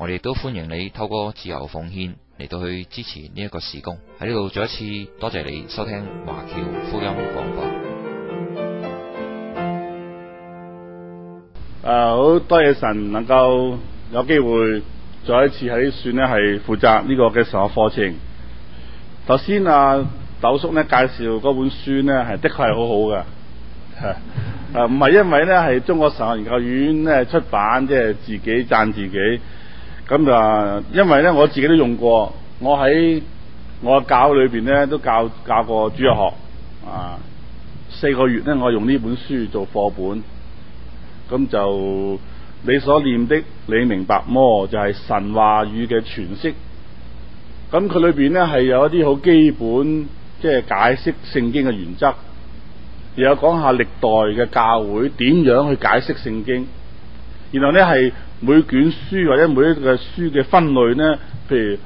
我哋都歡迎你透過自由奉獻嚟到去支持呢一個事工喺呢度。再一次多謝你收聽華僑福音廣播。啊，好多謝神，能夠有機會再一次喺，算呢係負責呢個嘅神學課程。頭先啊，斗叔咧介紹嗰本書呢係的確係好好嘅。啊，唔係因為呢係中國神學研究院咧出版，即係自己讚自己。咁就因為咧，我自己都用過。我喺我教裏邊咧，都教教過主日學。啊，四個月咧，我用呢本書做課本。咁就你所念的，你明白麼？就係、是、神話語嘅詮釋。咁佢裏邊咧係有一啲好基本，即、就、係、是、解釋聖經嘅原則。又有講一下歷代嘅教會點樣去解釋聖經。然後咧係。是每卷書或者每一個書嘅分類咧，譬如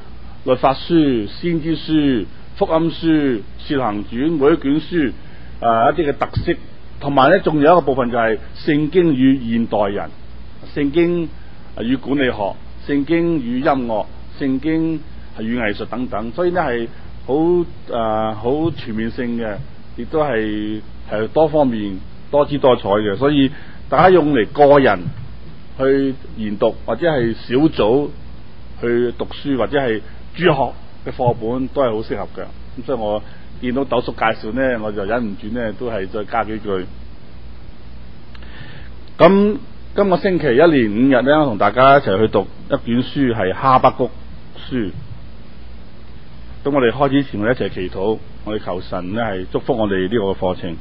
律法書、先知書、福音書、使徒行傳每一卷書啊、呃、一啲嘅特色，同埋咧仲有一個部分就係聖經與現代人、聖經與管理學、聖經與音樂、聖經係與藝術等等，所以咧係好誒好全面性嘅，亦都係誒多方面、多姿多彩嘅，所以大家用嚟個人。去研讀或者係小組去讀書或者係主學嘅課本都係好適合嘅，咁所以我見到豆叔介紹咧，我就忍唔住咧都係再加幾句。咁今個星期一連五日咧，我同大家一齊去讀一卷書係哈巴谷書。咁我哋開始之前，我哋一齊祈禱，我哋求神咧係祝福我哋呢個課程，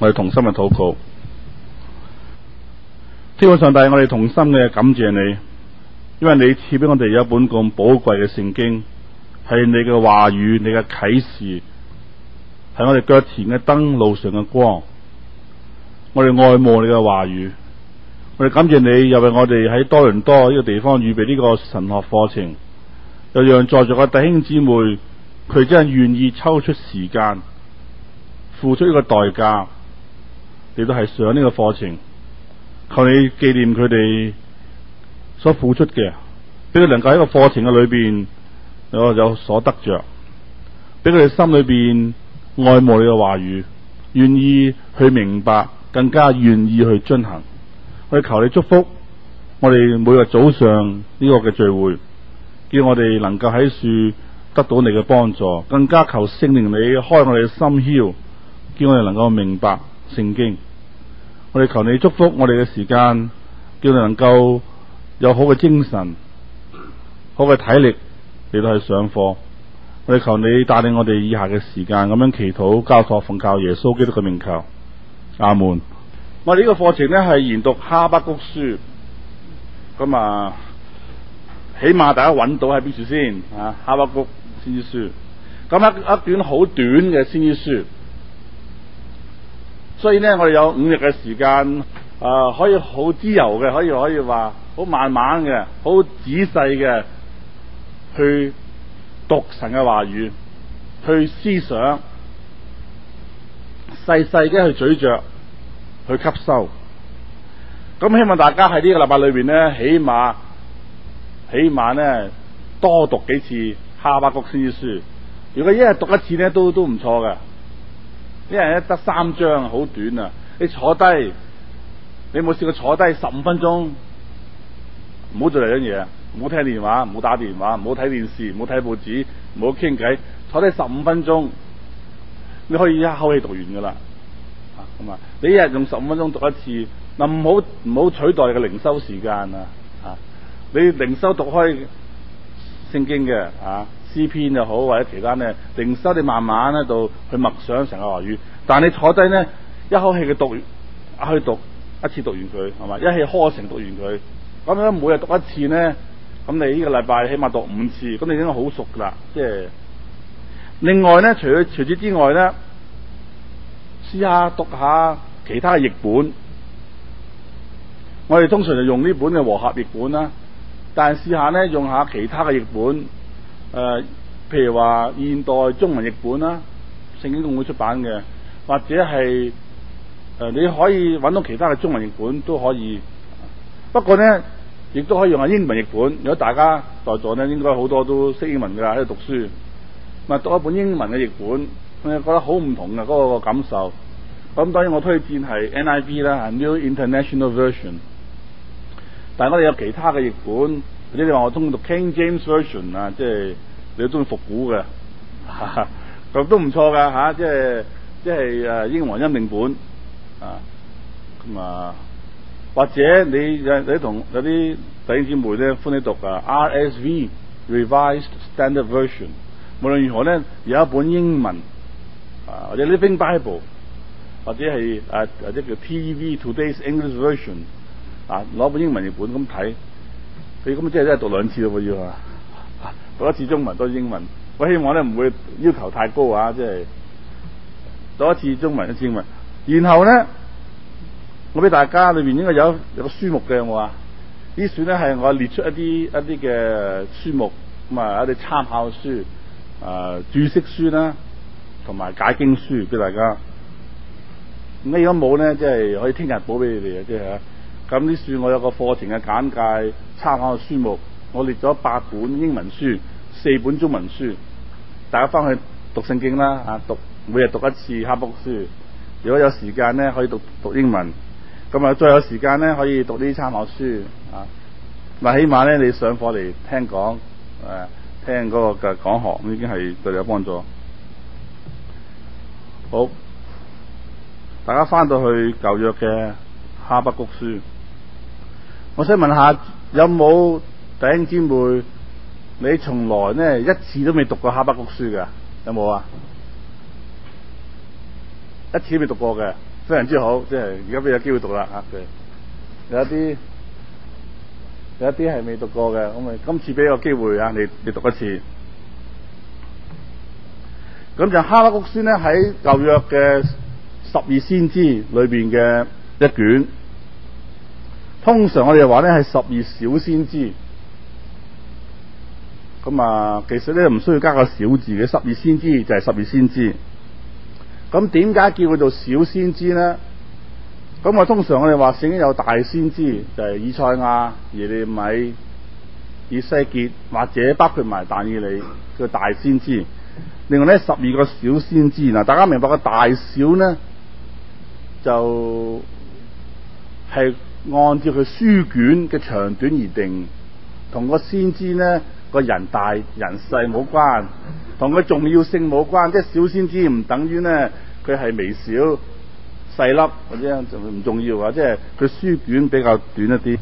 我哋同心嘅禱告。天父上帝，但我哋同心嘅感謝你，因為你賜俾我哋有一本咁寶貴嘅聖經，係你嘅話語，你嘅啟示，係我哋腳前嘅燈，路上嘅光。我哋愛慕你嘅話語，我哋感謝你，又為我哋喺多倫多呢個地方預備呢個神學課程，又讓在座嘅弟兄姊妹，佢真係願意抽出時間，付出呢個代價，你都係上呢個課程。求你紀念佢哋所付出嘅，俾佢能夠喺個課程嘅裏邊有有所得着，俾佢哋心裏邊愛慕你嘅話語，願意去明白，更加願意去進行。我哋求你祝福，我哋每日早上呢個嘅聚會，叫我哋能夠喺處得到你嘅幫助，更加求聖靈你開我哋嘅心竅，叫我哋能夠明白聖經。我哋求你祝福我哋嘅時間，叫你能夠有好嘅精神、好嘅體力嚟到去上課。我哋求你帶領我哋以下嘅時間咁樣祈禱、交託、奉教,教耶穌基督嘅名求。阿門。我哋呢個課程咧係研讀哈巴谷書，咁啊，起碼大家搵到喺邊處先啊，哈巴谷先知書，咁一一段好短嘅先知書。所以咧，我哋有五日嘅時間，啊、呃，可以好自由嘅，可以可以話好慢慢嘅，好仔細嘅去讀神嘅話語，去思想，細細嘅去咀嚼，去吸收。咁希望大家喺呢個禮拜裏邊咧，起碼，起碼咧多讀幾次《哈巴谷》先書。如果一日讀一次咧，都都唔錯嘅。一人一得三章，好短啊！你坐低，你冇試過坐低十五分鐘？唔好做第二樣嘢，唔好聽電話，唔好打電話，唔好睇電視，唔好睇報紙，唔好傾偈。坐低十五分鐘，你可以一口氣讀完噶啦。啊，咁啊，你一日用十五分鐘讀一次，嗱，唔好唔好取代你嘅靈修時間啊！啊，你靈修讀開聖經嘅啊。詩篇又好，或者其他咧，定收你慢慢喺度去默想成個話語。但你坐低咧，一口氣嘅讀，去讀一次讀完佢係嘛，一氣呵成讀完佢咁樣，每日讀一次咧，咁你呢個禮拜起碼讀五次，咁你應該好熟噶啦。即係另外咧，除除此之外咧，試下讀下其他嘅譯本。我哋通常就用呢本嘅和合譯本啦，但試下咧用下其他嘅譯本。誒、呃，譬如話現代中文譯本啦，聖經公會出版嘅，或者係誒、呃、你可以揾到其他嘅中文譯本都可以。不過咧，亦都可以用下英文譯本。如果大家在座咧，應該好多都識英文㗎啦，喺度讀書。咪讀一本英文嘅譯本，你覺得好唔同嘅嗰、那個感受。咁當然我推薦係 NIV 啦，New International Version。但係我哋有其他嘅譯本。或者你話我中意讀 King James Version 啊，即係你都中意復古嘅，哈、啊、都唔錯噶吓、啊，即係即係誒、啊、英皇欽定本啊咁啊，或者你你同有啲弟兄姊妹咧歡喜讀啊 RSV Revised Standard Version。無論如何咧，有一本英文啊或者 Living Bible 或者係誒、啊、或者叫 TEV Today's English Version 啊，攞本英文譯本咁睇，這麼看。你咁即係真係讀兩次都咯要啊，讀一次中文，讀一次英文。我希望咧唔會要求太高啊，即係讀一次中文一次英文。然後咧，我俾大家裏面應該有有個書目嘅，有冇啊？啲書咧係我列出一啲一啲嘅書目，咁、嗯、啊一啲參考書、啊註釋書啦，同埋解經書俾大家。咁如果冇咧，即係可以聽日補俾你哋嘅，即係咁呢？書我有個課程嘅簡介，參考書目我列咗八本英文書，四本中文書。大家翻去讀聖經啦，啊，讀每日讀一次哈巴谷書。如果有時間咧，可以讀讀英文。咁啊，再有時間咧，可以讀啲參考書啊。嗱，起碼咧，你上課嚟聽講，誒、啊，聽嗰個嘅講學，已經係對你有幫助。好，大家翻到去舊約嘅哈巴谷書。我想問下，有冇弟兄姊妹，你從來呢一次都未讀過哈巴谷書嘅，有冇啊？一次都未讀過嘅，非常之好，即係而家俾有機會讀啦吓，okay。有啲有一啲係未讀過嘅，咁咪今次俾個機會啊！你你讀一次。咁就哈巴谷書呢，喺舊約嘅十二先知裏邊嘅一卷。通常我哋話咧係十二小先知，咁啊，其實咧唔需要加個小字嘅，十二先知就係十二先知。咁點解叫佢做小先知咧？咁啊，通常我哋話聖經有大先知，就係、是、以賽亞、耶利米、以西結，或者包括埋但以理，叫、就是、大先知。另外咧，十二個小先知啊，大家明白個大小咧就係、是。按照佢書卷嘅長短而定，同個先知呢個人大人細冇關，同佢重要性冇關。即係小先知唔等於呢，佢係微小細粒或者就唔重要啊！即係佢書卷比較短一啲。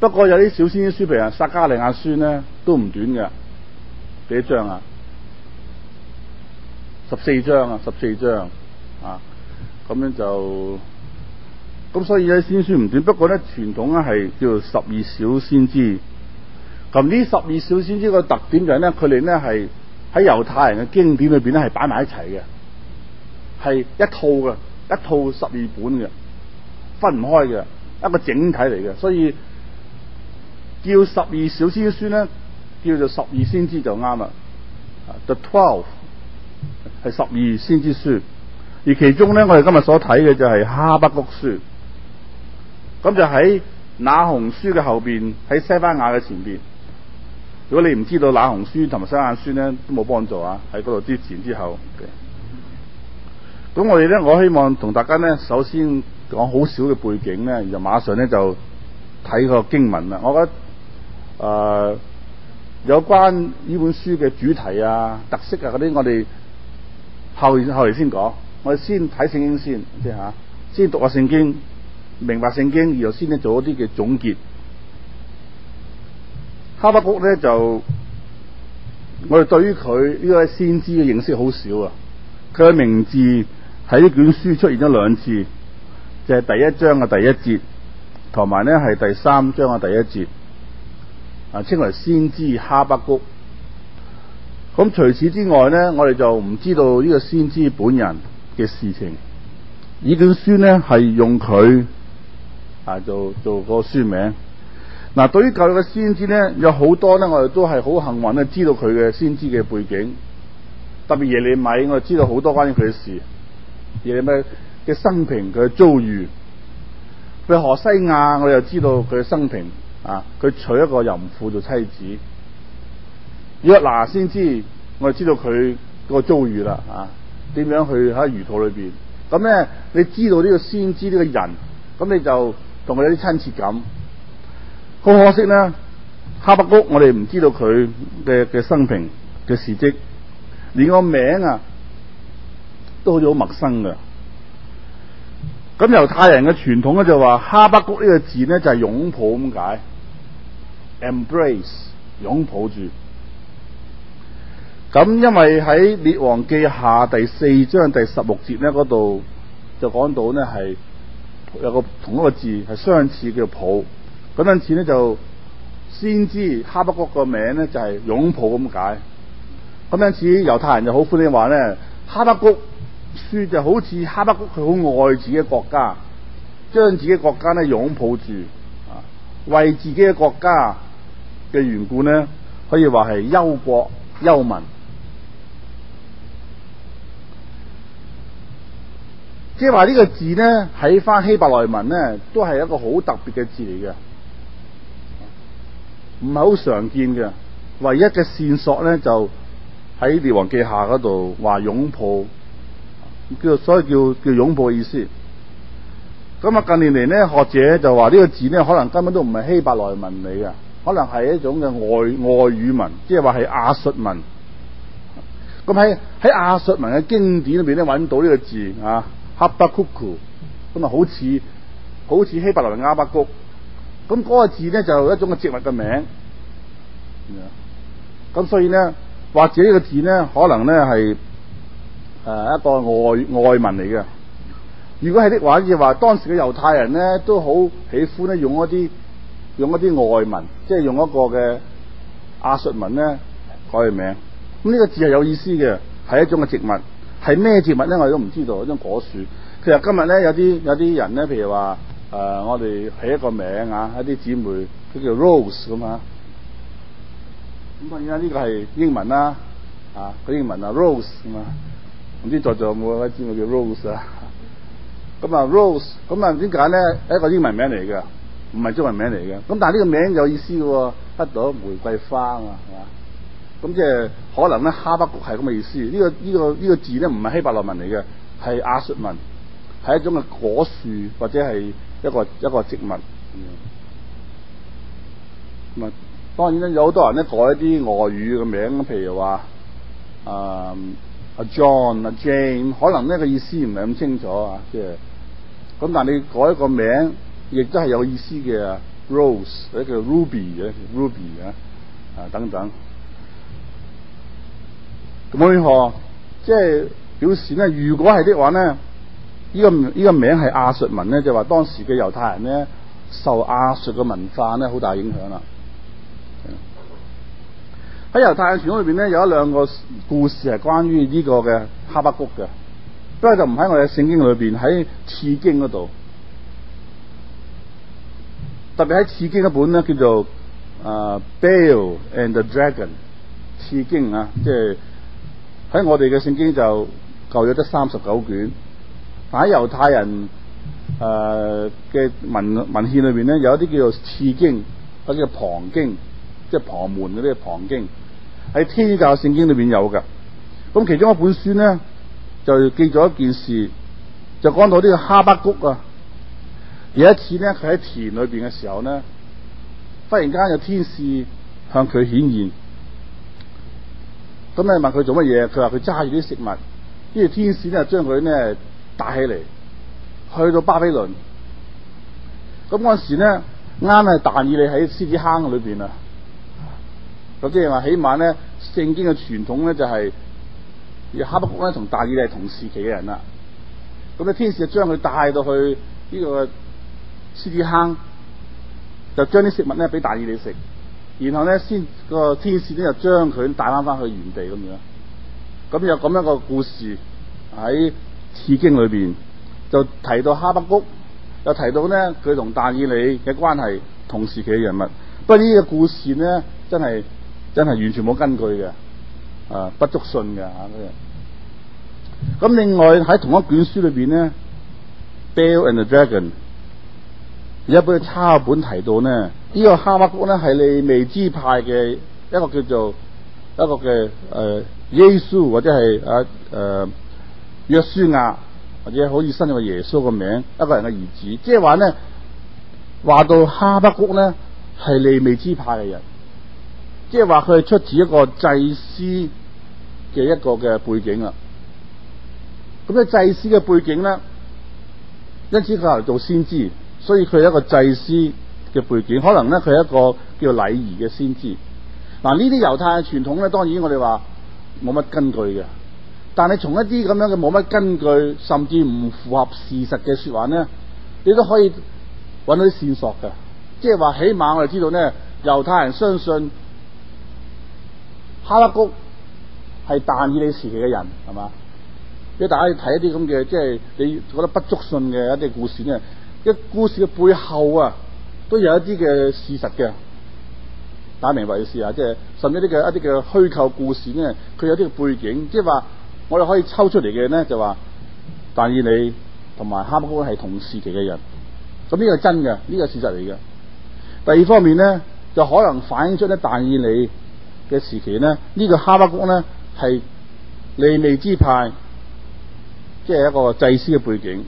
不過有啲小先知書譬如薩啊，撒迦利亞書呢，都唔短嘅，幾多章啊？十四章啊，十四章啊，咁樣就。咁所以咧先書唔短，不過咧傳統咧係叫做十二小先知。咁呢十二小先知個特點就係咧，佢哋咧係喺猶太人嘅經典裏邊咧係擺埋一齊嘅，係一套嘅，一套十二本嘅，分唔開嘅，一個整體嚟嘅。所以叫十二小先知書咧，叫做十二先知就啱啦。The Twelve 係十二先知書，而其中咧我哋今日所睇嘅就係哈巴谷書。咁就喺《那鴻書》嘅後邊，喺《西番雅書》嘅前邊。如果你唔知道《那鴻書》同埋《西番雅書》咧，都冇幫助啊！喺嗰度之前之後。咁我哋咧，我希望同大家咧，首先講好少嘅背景咧，就馬上咧就睇個經文啦。我覺得誒、呃，有關呢本書嘅主題啊、特色啊嗰啲，我哋後來後嚟先講。我哋先睇聖經先，即係吓，先讀下聖經。明白聖經，然後先至做一啲嘅總結。哈巴谷咧就，我哋對於佢呢位先知嘅認識好少啊。佢嘅名字喺呢卷書出現咗兩次，就係、是、第一章嘅第一節，同埋咧係第三章嘅第一節，啊稱為先知哈巴谷。咁除此之外咧，我哋就唔知道呢個先知本人嘅事情。呢卷書咧係用佢。啊，做做個書名。嗱、啊，對於舊約嘅先知咧，有好多咧，我哋都係好幸運咧，知道佢嘅先知嘅背景。特別耶利米，我哋知道好多關於佢嘅事。耶利米嘅生平，佢嘅遭遇。譬如何西亞，我又知道佢嘅生平。啊，佢娶一個淫婦做妻子。約拿先知，我就知道佢個遭遇啦。啊，點樣去喺魚肚裏邊？咁咧，你知道呢個先知呢、這個人，咁你就。同佢有啲親切感，好可惜呢，哈巴谷，我哋唔知道佢嘅嘅生平嘅事跡，連個名啊都好似好陌生嘅。咁猶太人嘅傳統咧就話，哈巴谷呢個字呢，就係、是、擁抱咁解，embrace 擁抱住。咁因為喺《列王記下》第四章第十六節呢嗰度就講到呢係。有個同一個字係相似，叫做抱。嗰陣時咧就先知哈巴谷個名咧就係擁抱咁解。嗰陣時猶太人就好歡喜話咧，哈巴谷書就好似哈巴谷，佢好愛自己嘅國家，將自己嘅國家咧擁抱住，啊，為自己嘅國家嘅緣故咧，可以話係憂國憂民。即係話呢個字咧，喺翻希伯來文咧，都係一個好特別嘅字嚟嘅，唔係好常見嘅。唯一嘅線索咧，就喺《列王記下》嗰度話擁抱，所叫所以叫叫擁抱嘅意思。咁啊，近年嚟咧，學者就話呢個字咧，可能根本都唔係希伯來文嚟嘅，可能係一種嘅外外語文，即係話係亞述文。咁喺喺亞述文嘅經典裏邊咧，揾到呢個字啊。阿、啊、巴谷谷，咁啊好似好似希伯來文哈巴谷，咁個字咧就有一種嘅植物嘅名，咁所以咧，或者呢個字咧可能咧係誒一個外外文嚟嘅。如果係啲話嘅話，當時嘅猶太人咧都好喜歡咧用一啲用一啲外文，即係用一個嘅亞述文咧改嘅名。咁、那、呢個字係有意思嘅，係一種嘅植物。係咩植物咧？我哋都唔知道嗰種果樹。其實今日咧有啲有啲人咧，譬如話誒、呃，我哋起一個名啊，一啲姊妹，佢叫 Rose 咁啊。咁當然啦，呢個係英文啦，啊，個英文啊，Rose 咁啊。唔知在座有冇一位姊妹叫 Rose 啊？咁啊，Rose，咁啊，點解咧？一個英文名嚟嘅，唔係中文名嚟嘅。咁但係呢個名有意思嘅，一朵玫瑰花啊，係嘛？咁即係可能咧，哈巴谷係咁嘅意思。呢個呢個呢個字咧，唔係希伯來文嚟嘅，係亞述文，係一種嘅果樹或者係一個一個植物。咁、嗯、啊，當然咧，有好多人咧改一啲外語嘅名字，譬如話啊啊 John 啊 Jane，可能呢個意思唔係咁清楚啊。即係咁，但你改一個名字，亦都係有意思嘅。Rose 或者叫 Ruby 嘅 Ruby 啊，啊等等。我何即係表示呢，如果係的話呢，呢、這個名係亞、這個、述文呢，就話、是、當時嘅猶太人呢，受亞述嘅文化呢，好大影響啦。喺猶太人傳統裏面呢，有一兩個故事係關於呢個嘅哈巴谷嘅，不過就唔喺我哋聖經裏面，喺次經嗰度，特別喺次經，經一本呢，叫做《啊、呃、Bel and the Dragon》次經啊，即係。喺我哋嘅聖經就舊約得三十九卷，但喺猶太人誒嘅、呃、文文獻裏邊咧，有一啲叫做次經或者叫旁經，即係旁門嗰啲旁經，喺天主教聖經裏邊有噶。咁其中一本書咧就記咗一件事，就講到呢個哈巴谷啊。有一次咧，佢喺田裏邊嘅時候咧，忽然間有天使向佢顯現。咁你問佢做乜嘢？佢話佢揸住啲食物，呢個天使咧將佢咧帶起嚟，去到巴比倫。咁嗰陣時咧，啱係但以理喺獅子坑裏邊啊。咁即係話起碼咧，聖經嘅傳統咧就係、是，而哈巴谷咧同但以理係同時期嘅人啦。咁啲天使就將佢帶到去呢個獅子坑，就將啲食物咧俾但以理食。然後咧，先個天使咧就將佢帶翻翻去原地咁樣。咁有咁一個故事喺《次經》裏邊，就提到哈巴谷，又提到呢，佢同但以理嘅關係，同時期嘅人物。不過呢個故事呢，真係真係完全冇根據嘅，啊，不足信嘅吓。咁另外喺同一卷書裏邊呢 Bel and the Dragon》。一般抄本提到呢，呢、這個哈巴谷咧係利未支派嘅一個叫做一個嘅誒、呃、耶穌或者係阿誒約書亞或者好似新約耶穌嘅名一個人嘅兒子，即係話呢話到哈巴谷咧係利未支派嘅人，即係話佢係出自一個祭司嘅一個嘅背景啦。咁啊祭司嘅背景咧，因此佢後來做先知。所以佢係一個祭司嘅背景，可能咧佢係一個叫禮儀嘅先知。嗱呢啲猶太嘅傳統咧，當然我哋話冇乜根據嘅。但係從一啲咁樣嘅冇乜根據，甚至唔符合事實嘅說話咧，你都可以揾到啲線索嘅。即係話起碼我哋知道咧，猶太人相信哈巴谷係但以理時期嘅人，係嘛？俾大家睇一啲咁嘅，即係你覺得不足信嘅一啲故事咧。嘅故事嘅背後啊，都有一啲嘅事實嘅，大家明白意思啊，即係甚至呢嘅一啲嘅虛構故事咧，佢有啲嘅背景，即係話我哋可以抽出嚟嘅咧，就話但以理同埋哈巴谷係同時期嘅人，咁呢個真嘅，呢個事實嚟嘅。第二方面咧，就可能反映出咧但以理嘅時期咧，呢個哈巴谷咧係利未支派，即係一個祭司嘅背景。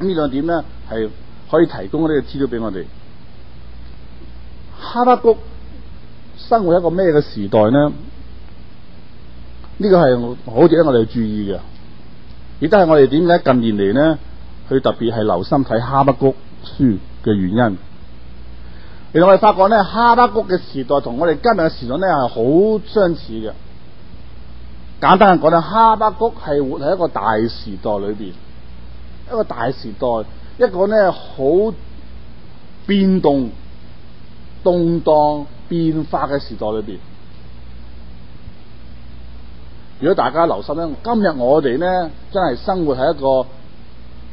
咁呢兩點咧。係可以提供嗰啲嘅資料俾我哋。哈巴谷生活一個咩嘅時代呢？呢個係好值得我哋要注意嘅。亦都係我哋點解近年嚟咧，去特別係留心睇《哈巴谷》書嘅原因。原來我哋發覺咧，《哈巴谷》嘅時代同我哋今日嘅時代咧係好相似嘅。簡單嚟講咧，《哈巴谷》係活喺一個大時代裏邊，一個大時代。一個咧好變動、動盪、變化嘅時代裏邊。如果大家留心咧，今日我哋咧真係生活喺一個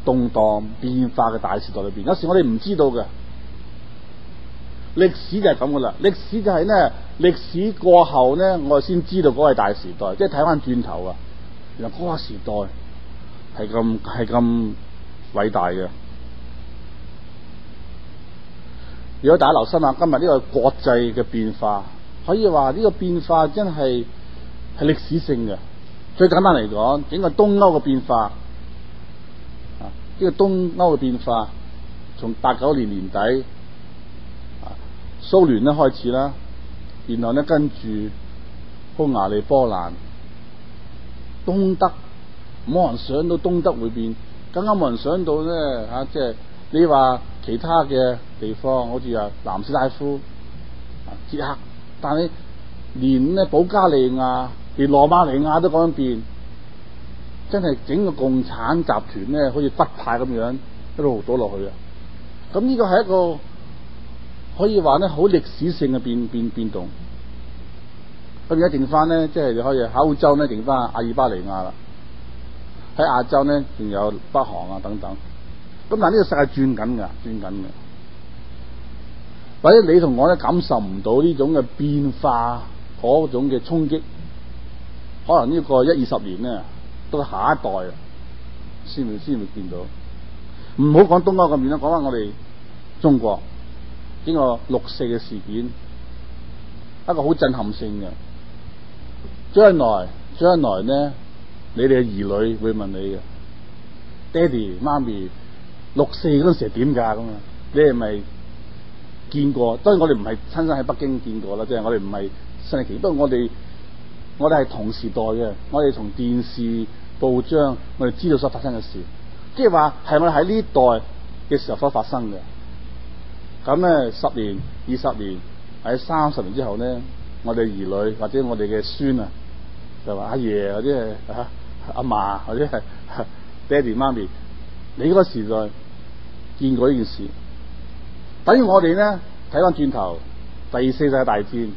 動盪、變化嘅大時代裏邊。有時我哋唔知道嘅歷史就係咁噶啦。歷史就係咧，歷史，歷史過後咧，我哋先知道嗰個係大時代，即係睇翻轉頭啊！原來嗰個時代係咁係咁偉大嘅。如果大家留心啊，今日呢個是國際嘅變化，可以話呢個變化真係係歷史性嘅。最簡單嚟講，整個東歐嘅變化，啊，呢個東歐嘅變化，從八九年年底，啊，蘇聯咧開始啦，然後咧跟住匈牙利、波蘭、東德，冇人想到東德會變，更加冇人想到咧，吓、就是，即係你話其他嘅。地方好似啊，像南斯拉夫、捷克，但係連咧保加利亞、連羅馬尼亞都咁樣變，真係整個共產集團咧，好似北派咁樣一路倒落去啊！咁呢個係一個可以話咧好歷史性嘅變變變動。咁而家剩翻，咧，即係你可以喺歐洲咧，剩翻阿爾巴尼亞啦；喺亞洲咧，仲有北韓啊等等。咁但呢個世界轉緊嘅，轉緊嘅。或者你同我咧感受唔到呢種嘅變化嗰種嘅衝擊，可能個 1, 呢個一二十年咧，到下一代先會先會見到。唔好講東歐咁遠啦，講翻我哋中國經過六四嘅事件，一個好震撼性嘅。將來將來咧，你哋嘅兒女會問你嘅，爹哋媽咪六四嗰陣時係點噶？咁啊，你係咪？見過，當然我哋唔係親身喺北京見過啦，即係我哋唔係身歷其境。不過我哋我哋係同時代嘅，我哋從電視報章，我哋知道所發生嘅事，即係話係我哋喺呢一代嘅時候所發生嘅。咁咧，十年、二十年，喺三十年之後咧，我哋兒女或者我哋嘅孫啊，就話阿爺或者係阿嫲或者係爹哋媽咪，你個時代見過呢件事？等於我哋咧睇翻轉頭第二次世界大戰，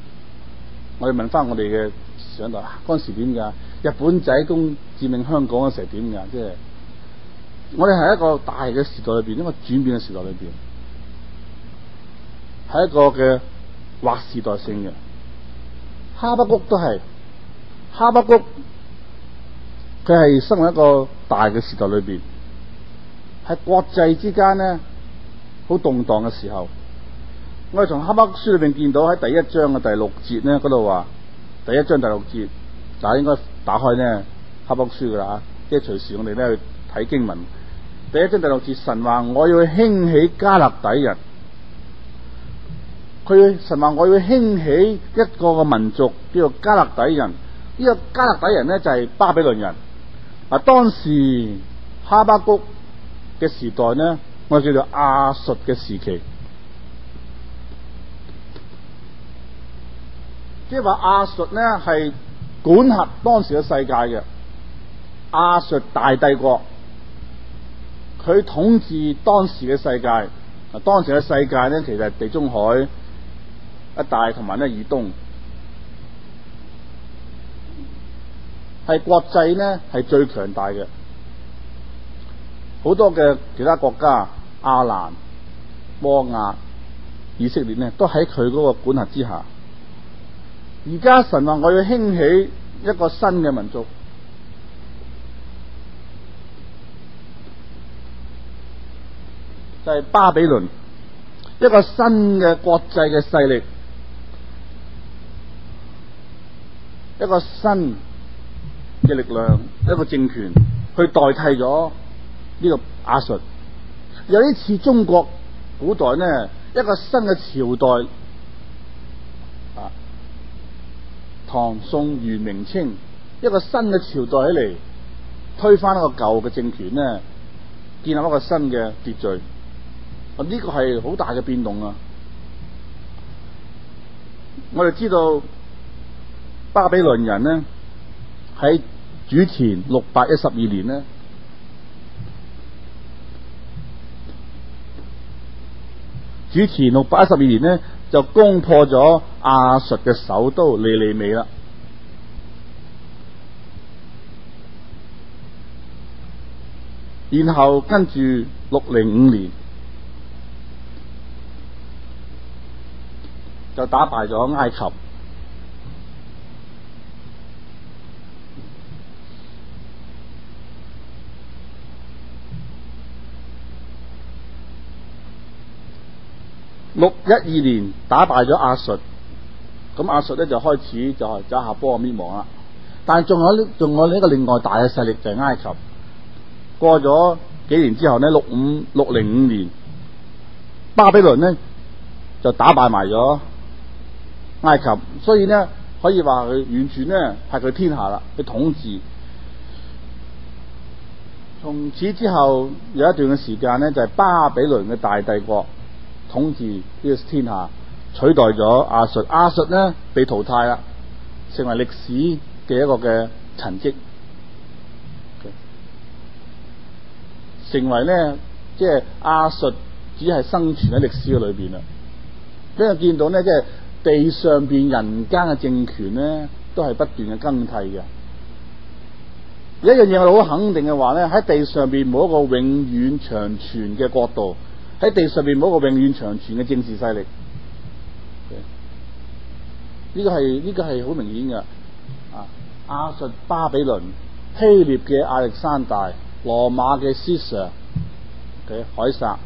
我哋問翻我哋嘅上代嗰陣時點噶？日本仔攻占領香港嘅時候點噶？即係我哋係一個大嘅時代裏邊，一個轉變嘅時代裏邊，係一個嘅劃時代性嘅。哈巴谷都係哈巴谷，佢係生活喺一個大嘅時代裏邊，喺國際之間咧。好動蕩嘅時候，我哋從哈巴谷書裏邊見到喺第一章嘅第六節咧嗰度話，第一章第六節，大家應該打開呢哈巴谷書噶啦，即係隨時我哋咧去睇經文。第一章第六節，神話我要興起加勒底人，佢神話我要興起一個嘅民族叫做加勒底人，呢、這個加勒底人呢，就係、是、巴比倫人。嗱，當時哈巴谷嘅時代呢。我叫做亞述嘅時期是說，即係話亞述呢係管轄當時嘅世界嘅亞述大帝國，佢統治當時嘅世界。嗱，當時嘅世界呢，其實係地中海一帶，同埋咧以東係國際呢係最強大嘅。好多嘅其他國家，亞蘭、摩亞、以色列咧，都喺佢嗰個管轄之下。而家神話我要興起一個新嘅民族，就係巴比倫，一個新嘅國際嘅勢力，一個新嘅力量，一個政權去代替咗。呢、這個亞述有啲似中國古代呢一個新嘅朝代啊，唐宋元明清一個新嘅朝代起嚟，推翻一個舊嘅政權呢，建立一個新嘅秩序啊！呢、這個係好大嘅變動啊！我哋知道巴比倫人呢，喺主前六百一十二年呢。主前六百一十二年呢，就攻破咗亞述嘅首都尼尼微啦，然後跟住六零五年就打敗咗埃及。六一二年打敗咗亞述，咁亞述咧就開始就走下坡，啊，滅亡啦。但係仲有呢，仲有呢個另外大嘅勢力就係埃及。過咗幾年之後呢，六五六零五年，巴比倫呢就打敗埋咗埃及，所以呢，可以話佢完全呢係佢天下啦，佢統治。從此之後有一段嘅時間呢，就係巴比倫嘅大帝國。統治呢個天下，取代咗亞述，亞述呢被淘汰啦，成為歷史嘅一個嘅陳跡，okay. 成為呢，即係亞述只係生存喺歷史嘅裏邊啦。咁啊，見到呢，即係地上邊人間嘅政權呢都係不斷嘅更替嘅。有一樣嘢我好肯定嘅話咧，喺地上邊冇一個永遠長存嘅國度。喺地上面冇一個永遠長存嘅政治勢力，這是，呢、這個係呢個係好明顯嘅。啊，亞述、巴比倫、希臘嘅亞歷山大、羅馬嘅 Caesar 嘅凱撒，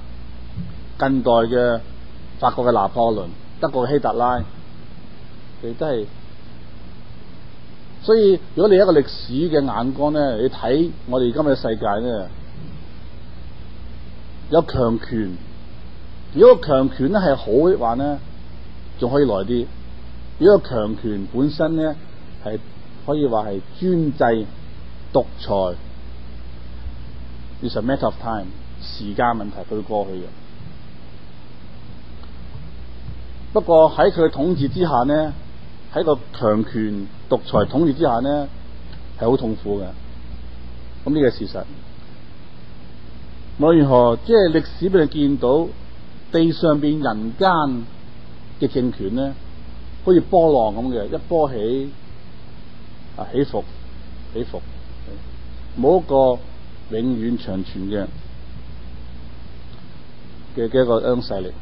近代嘅法國嘅拿破崙、德國嘅希特拉，佢、okay, 都係。所以，如果你有一個歷史嘅眼光咧，你睇我哋今日嘅世界咧。有強權，如果強權咧係好嘅話咧，仲可以耐啲；如果強權本身咧係可以話係專制獨裁，is a matter of time，時間問題，佢會過去嘅。不過喺佢嘅統治之下咧，喺個強權獨裁統治之下咧，係好痛苦嘅，咁呢個事實。冇如何即係歷史俾你見到地上邊人間嘅政權咧，好似波浪咁嘅，一波起啊起伏起伏，冇一個永遠長存嘅嘅嘅一個咁勢力。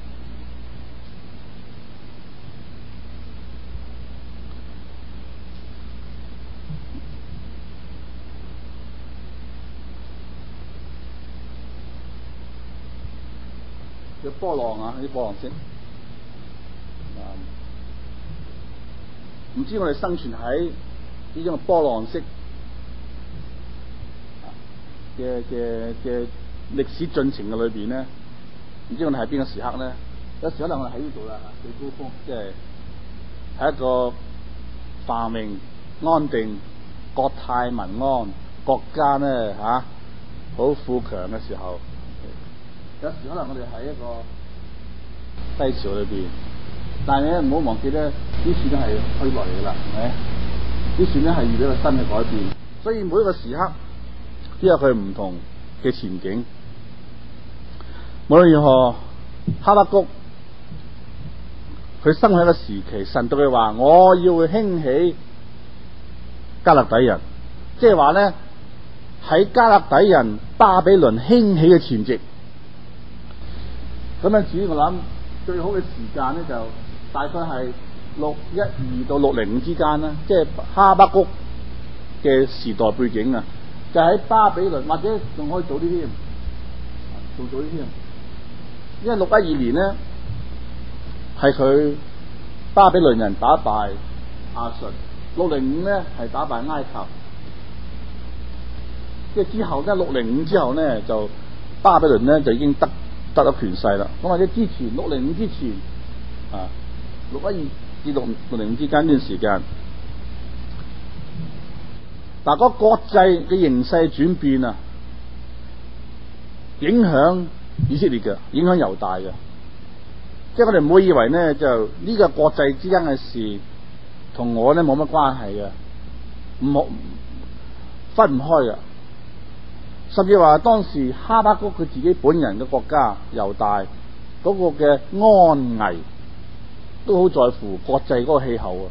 波浪啊，啲波浪式，唔知我哋生存喺呢種波浪式嘅嘅嘅歷史進程嘅裏邊，咧，唔知我哋係邊個時刻咧？有時可能我哋喺呢度啦，最高峰，即係喺一個繁榮安定、國泰民安、國家咧吓好富強嘅時候。有時可能我哋喺一個低潮裏邊，但係咧唔好忘記咧，呢次都係推落嚟噶啦，係咪？呢次咧係遇到個新嘅改變，所以每一個時刻都有佢唔同嘅前景。無論如何，哈巴谷佢生喺一個時期，神對佢話：我要去興起加勒底人，即係話咧喺加勒底人巴比倫興起嘅前夕。咁咧，至於我諗最好嘅時間咧，就大概係六一二到六零五之間啦，即係哈巴谷嘅時代背景啊。就喺巴比倫，或者仲可以早啲添，仲早啲添。因為六一二年咧，係佢巴比倫人打敗亞述；六零五咧，係打敗埃及。即係之後咧，六零五之後咧，就巴比倫咧就已經得。得到權勢啦，咁或者之前六零五之前，啊，六一二至六零五之間呢段時間，嗱，個國際嘅形勢轉變啊，影響以色列嘅影響猶大嘅，即係我哋唔好以為呢，就呢、呢個國際之間嘅事同我呢冇乜關係嘅，唔好分唔開嘅。甚至話當時哈巴谷佢自己本人嘅國家又大，嗰個嘅安危都好在乎國際嗰個氣候啊。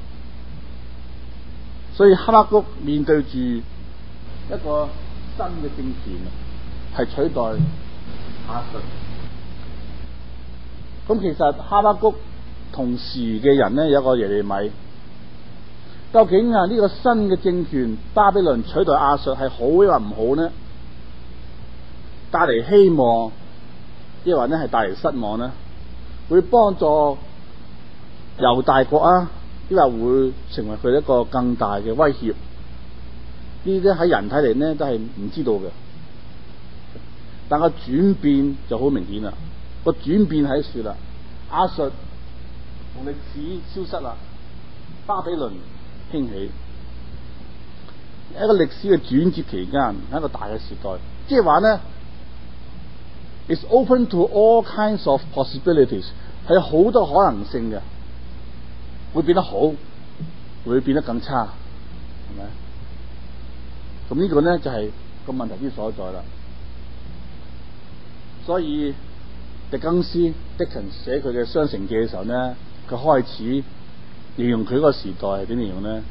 所以哈巴谷面對住一個新嘅政權，係取代亞述。咁其實哈巴谷同時嘅人呢，有一個耶利米，究竟啊呢個新嘅政權巴比倫取代亞述係好或唔好呢？帶嚟希望，即係話咧係帶嚟失望咧，會幫助猶大國啊，即係會成為佢一個更大嘅威脅。呢啲喺人睇嚟咧都係唔知道嘅，但個轉變就好明顯啦。個轉變喺度啦，亞述同歷史消失啦，巴比倫興起，一個歷史嘅轉折期間，喺一個大嘅時代，即係話咧。It's open to all kinds of possibilities，係好多可能性嘅，會變得好，會變得更差，係咪？咁呢個咧就係、是、個問題之所在啦。所以狄更斯 Dickens 寫佢嘅《雙城記》嘅時候咧，佢開始形容佢嗰個時代係點形容咧？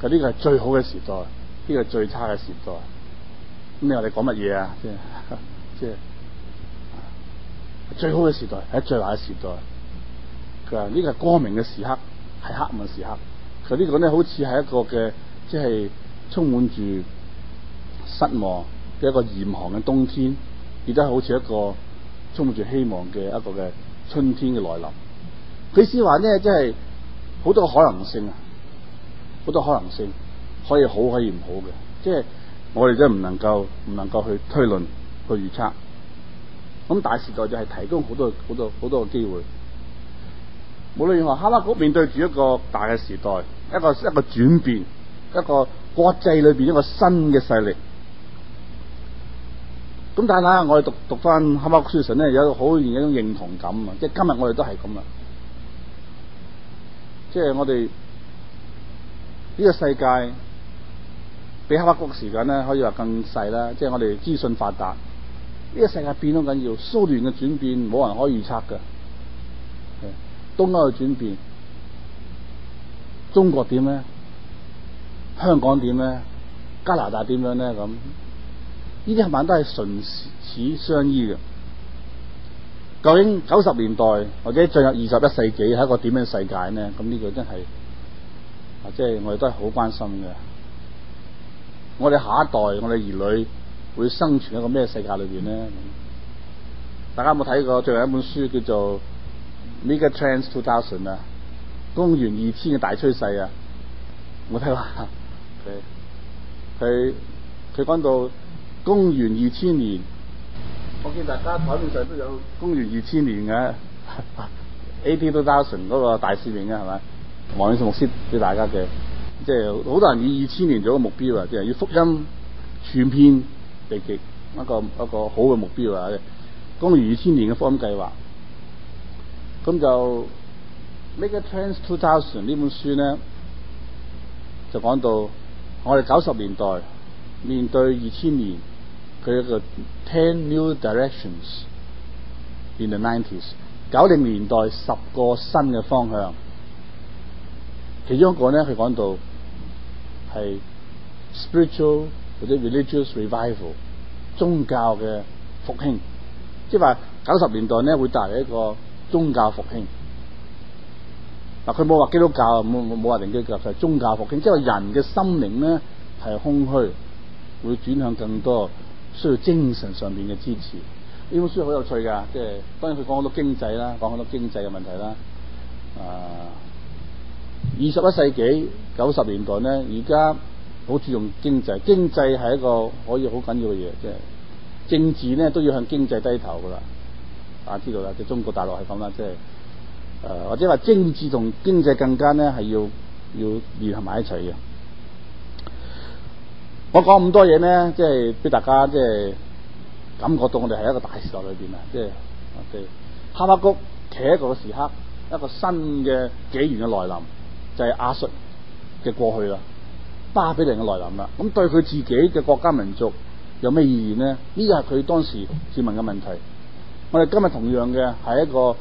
佢呢個係最好嘅時代，呢個係最差嘅時代。咁、這個、你話你講乜嘢啊？即係即係。最好嘅時代喺最壞嘅時代，佢話呢個係光明嘅時刻，係黑暗嘅時刻，佢呢個咧好似係一個嘅，即係充滿住失望嘅一個嚴寒嘅冬天，亦都係好似一個充滿住希望嘅一個嘅春天嘅來臨。佢先話咧，即係好多可能性啊，好多可能性可以好可以唔好嘅，即係我哋都係唔能夠唔能夠去推論去預測。咁大時代就係提供好多好多好多嘅機會，無論如何，哈巴谷面對住一個大嘅時代，一個一個轉變，一個國際裏邊一個新嘅勢力。咁但係我哋讀讀翻《哈巴谷書》咧，有好現一種認同感啊！即係今日我哋都係咁啊！即係我哋呢個世界比哈巴谷時間咧可以話更細啦，即係我哋資訊發達。呢、這個世界變好緊要，蘇聯嘅轉變冇人可以預測嘅，東歐嘅轉變，中國點咧？香港點咧？加拿大點樣咧？咁呢啲冚唪唥都係唇齒相依嘅。究竟九十年代或者進入二十一世紀係一個點樣嘅世界呢？咁呢個真係啊，即、就、係、是、我哋都係好關心嘅。我哋下一代，我哋兒女。會生存喺個咩世界裏邊咧？大家有冇睇過最近一本書叫做《Megatrends 2000》啊？公元二千嘅大趨勢啊！我睇下，佢佢佢講到公元二千年。我見大家台面上都有公元二千年嘅 A. D. 2000嗰個大使命啊，係咪？黃牧師俾大家嘅，即係好多人以二千年做個目標啊！即係要福音傳遍。積極一個一個好嘅目標啊！講到二千年嘅方案計劃，咁就《Megatrends 2000》呢本書咧，就講到我哋九十年代面對二千年，佢一個 Ten New Directions in the Nineties 九零年代十個新嘅方向，其中一個咧佢講到係 spiritual。或者 religious revival 宗教嘅復興，即係話九十年代咧會帶嚟一個宗教復興。嗱，佢冇話基督教，冇冇話定基督教，就係宗教復興。即係話人嘅心靈咧係空虛，會轉向更多需要精神上邊嘅支持。呢本書好有趣噶，即係當然佢講好多經濟啦，講好多經濟嘅問題啦。啊，二十一世紀九十年代咧，而家。好注重經濟，經濟係一個可以好緊要嘅嘢，即係政治咧都要向經濟低頭噶啦。大家知道啦，即係中國大陸係咁啦，即係誒、呃，或者話政治同經濟更加咧係要要聯合埋一齊嘅。我講咁多嘢咧，即係俾大家即係感覺到我哋係一個大時代裏邊啊，即係哈巴谷企喺一個時刻，一個新嘅紀元嘅來臨，就係亞述嘅過去啦。巴比倫嘅來臨啦，咁對佢自己嘅國家民族有咩意義呢？呢個係佢當時自問嘅問題。我哋今日同樣嘅係一個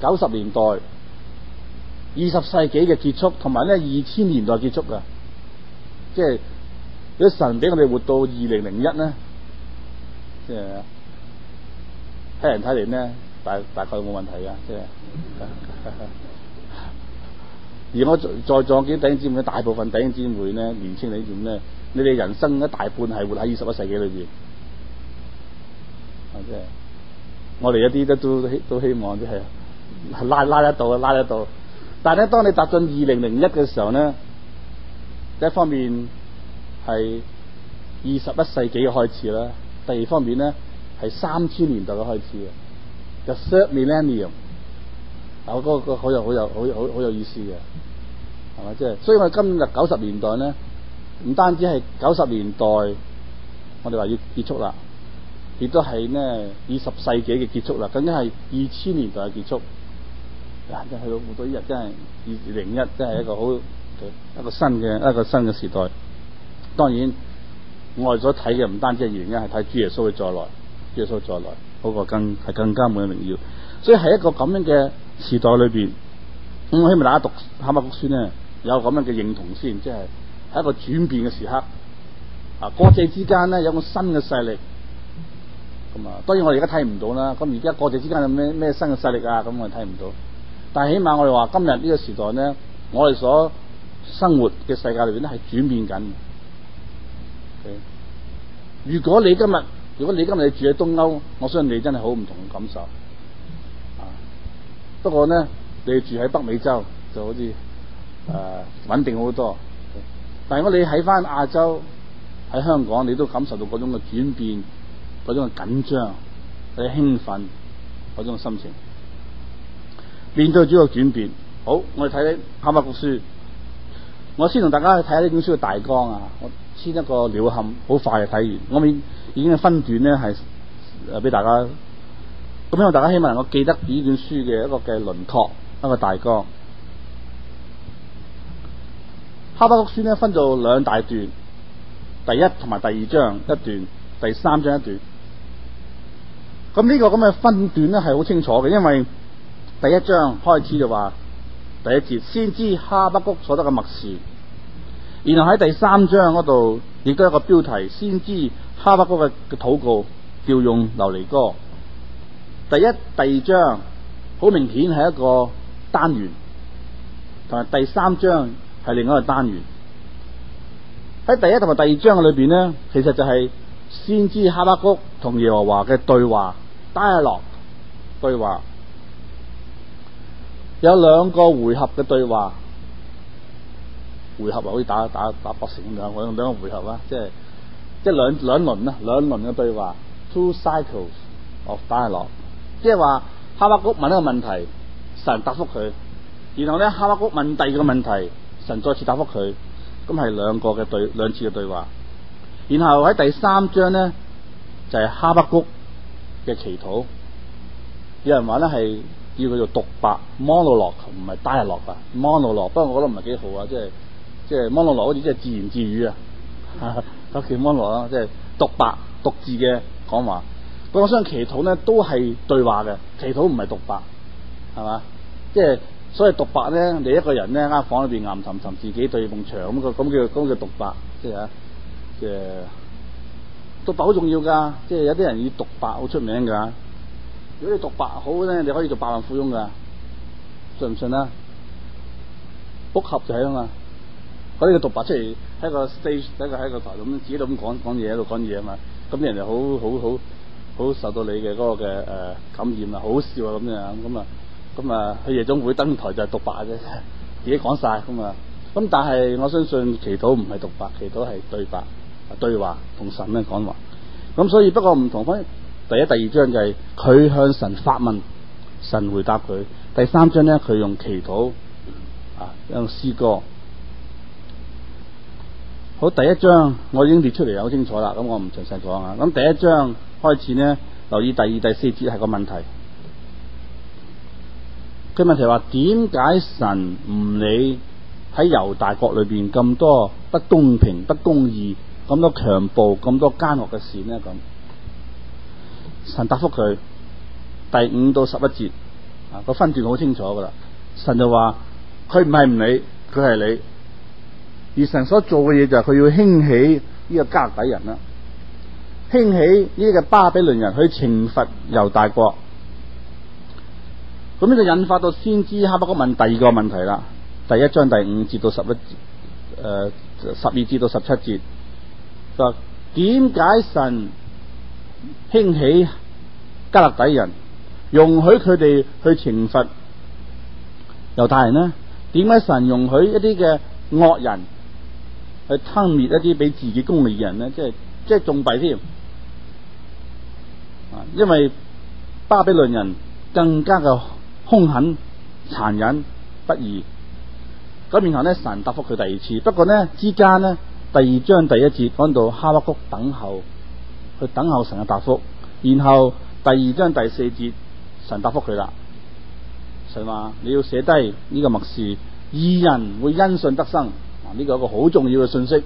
九十年代、二十世紀嘅結束，同埋咧二千年代結束嘅，即係有神俾我哋活到二零零一咧，即係喺人睇嚟咧，大大概冇問題噶，即係。 而我再撞見頂尖姊，大部分頂尖姊呢，年青啲咁呢？你哋人生一大半係活喺二十一世紀裏邊。啊，okay，我哋一啲都都希望即係拉拉得到，拉得到。但係咧，當你踏進二零零一嘅時候呢，第一方面係二十一世紀嘅開始啦，第二方面呢，係三千年代嘅開始啊 t 嗰、哦那個好有好有好好好有意思嘅，係嘛？即係，所以我今日九十年代咧，唔單止係九十年代，我哋話要結束啦，亦都係呢二十世紀嘅結束啦，更加係二千年代嘅結束。嗱、就是，真係到活到一日，真係二零一，真係一個好一個新嘅一個新嘅時代。當然，我哋所睇嘅唔單止係原因，係睇主耶穌嘅再來，主耶穌再來嗰個更係更加嘅榮耀，所以係一個咁樣嘅。時代裏邊，咁我希望大家讀《哈巴谷書》咧，有咁樣嘅認同先，即係喺一個轉變嘅時刻。啊，國際之間咧有個新嘅勢力，咁啊，當然我哋而家睇唔到啦。咁而家國際之間有咩咩新嘅勢力啊？咁我哋睇唔到。但係起碼我哋話今日呢個時代咧，我哋所生活嘅世界裏邊咧係轉變緊。如果你今日，如果你今日住喺東歐，我相信你真係好唔同嘅感受。不過咧，你住喺北美洲就好似誒穩定好多，但係如果你喺翻亞洲喺香港，你都感受到嗰種嘅轉變，嗰種嘅緊張，嗰啲興奮、嗰種心情，面對住個轉變。好，我哋睇《哈巴谷書》，我先同大家去睇下呢本書嘅大綱啊，我先一個鳥瞰，好快就睇完。我已已經的分段咧，係誒俾大家咁希望大家希望能夠記得呢段書嘅一個嘅輪廓，一個大綱。哈巴谷書呢分咗兩大段，第一同埋第二章一段，第三章一段。咁呢個咁嘅分段呢係好清楚嘅，因為第一章開始就話第一節先知哈巴谷所得嘅默示，然後喺第三章嗰度亦都有一個標題，先知哈巴谷嘅嘅禱告調用流離歌。第一、第二章好明顯係一個單元，同埋第三章係另一個單元。喺第一同埋第二章嘅裏邊咧，其實就係先知哈巴谷同耶和華嘅對話，Dialogue 對話，有兩個回合嘅對話，回合啊好似打打打 boss 咁樣，兩兩個回合啦，即係即係兩兩輪啊，兩輪嘅對話，Two cycles of dialogue。即係話哈巴谷問一個問題，神答覆佢，然後咧哈巴谷問第二個問題，神再次答覆佢，咁係兩個嘅對兩次嘅對話。然後喺第三章咧就係、是、哈巴谷嘅祈禱。有人話咧係叫佢做獨白 monologue，唔係 dialogue 噶 monologue，不過我覺得唔係幾好啊，即係即係 monologue 好似即係自言自語啊，都 叫 monologue 即係獨白、獨自嘅講話。我想祈禱咧，都係對話嘅。祈禱唔係獨白，係嘛？即係所以獨白咧，你一個人咧間房裏邊吟沉沉，自己對埲牆咁咁叫咁叫獨白，即係啊，誒、就係、獨白好重要㗎。即係有啲人以獨白好出名㗎。如果你獨白好咧，你可以做百萬富翁㗎，信唔信啊？複合就係啊嘛，咁你嘅獨白出嚟喺個 stage 喺個喺個台咁，自己度咁講講嘢喺度講嘢啊嘛，咁人就好好好。好好好受到你嘅嗰個嘅、誒感染啊，好笑啊，咁樣咁啊咁啊，去夜總會登台就係獨白嘅，自己講晒咁啊咁。但係我相信祈禱唔係獨白，祈禱係對白，對話，對話同神嘅講話。咁所以不過唔同翻第一、第二章就係佢向神發問，神回答佢。第三章咧，佢用祈禱啊，用詩歌。好，第一章我已經列出嚟，好清楚啦。咁我唔詳細講啊。咁第一章。開始呢，留意第二、第四節係個問題。佢問題話，點解神唔理喺猶大國裏邊咁多不公平、不公義、咁多強暴、咁多奸惡嘅事呢？咁神答復佢第五到十一節啊個分段好清楚噶啦。神就話佢唔係唔理，佢係理。」而神所做嘅嘢就係佢要興起呢個迦勒底人啦。興起呢個巴比倫人去懲罰猶大國，咁呢就引發到先知哈巴谷問第二個問題啦。第一章第五節到十一節，誒、呃、十二至到十七節，就點解神興起加勒底人，容許佢哋去懲罰猶大人呢？點解神容許一啲嘅惡人去吞滅一啲俾自己公義嘅人呢？即係即係仲弊添。因為巴比倫人更加嘅兇狠殘忍不義。咁然後呢，神答覆佢第二次，不過呢之間呢，第二章第一節講到哈巴谷等候去等候神嘅答覆，然後第二章第四節神答覆佢啦，神話你要寫低呢個默示，義人會因信得生，呢、這個一個好重要嘅信息，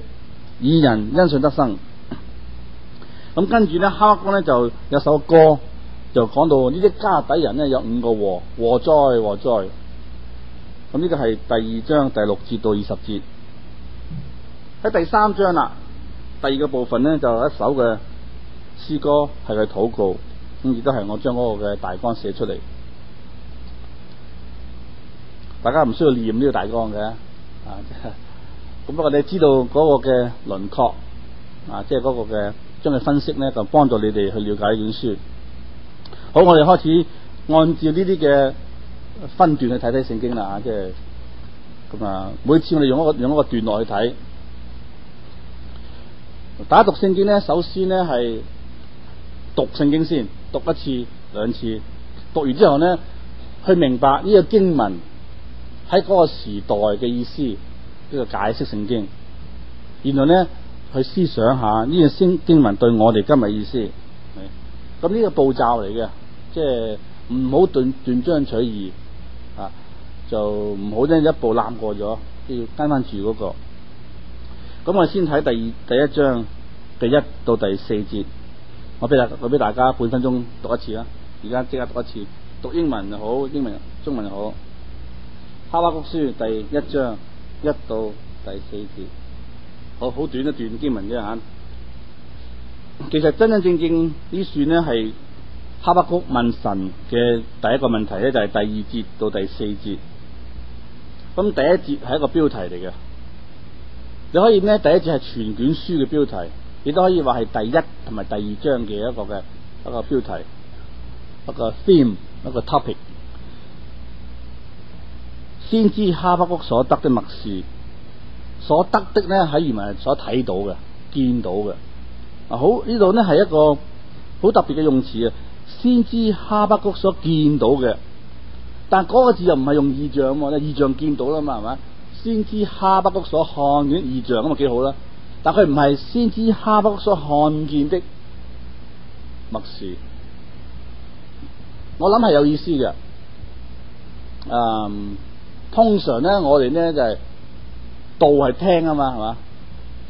義人因信得生。咁跟住咧，哈巴谷咧就有首歌，就講到加呢啲家底人咧有五個禍，禍哉禍哉。咁呢個係第二章第六節到二十節。喺第三章啦，第二個部分咧就有一首嘅詩歌係去禱告，咁亦都係我將嗰個嘅大綱寫出嚟。大家唔需要念呢個大綱嘅，啊，咁不過你知道嗰個嘅輪廓，啊，即係嗰個嘅。將佢分析咧，就幫助你哋去了解呢本書。好，我哋開始按照呢啲嘅分段去睇睇聖經啦，即係咁啊，每次我哋用一個用一個段落去睇。大家讀聖經咧，首先咧係讀聖經先，讀一次、兩次，讀完之後咧，去明白呢個經文喺嗰個時代嘅意思，呢個解釋聖經。然後咧。去思想一下呢個經經文對我哋今日意思，咁呢個步驟嚟嘅，即係唔好斷斷章取義啊，就唔好咧一步攬過咗，都要跟翻住嗰個。咁我先睇第二第一章第一到第四節，我俾大我俾大家半分鐘讀一次啦。而家即刻讀一次，讀英文又好，英文中文又好，《哈巴谷書》第一章一到第四節。好好短一段經文啫吓，其實真真正正呢算呢，係哈巴谷問神嘅第一個問題咧，就係、是、第二節到第四節。咁第一節係一個標題嚟嘅，你可以呢，第一節係全卷書嘅標題，亦都可以話係第一同埋第二章嘅一個嘅一個標題，一個 theme 一個 topic。先知哈巴谷所得的默示。所得的咧喺原文所睇到嘅，見到嘅啊。好這裡呢度咧係一個好特別嘅用詞啊。先知哈巴谷所見到嘅，但嗰個字又唔係用異象喎，異象見到啦嘛，係咪先知哈巴谷，谷所看見的異象咁啊，幾好啦。但佢唔係先知哈巴谷所看見的默示。我諗係有意思嘅、啊。通常咧我哋咧就係、是。道係聽啊嘛，係嘛？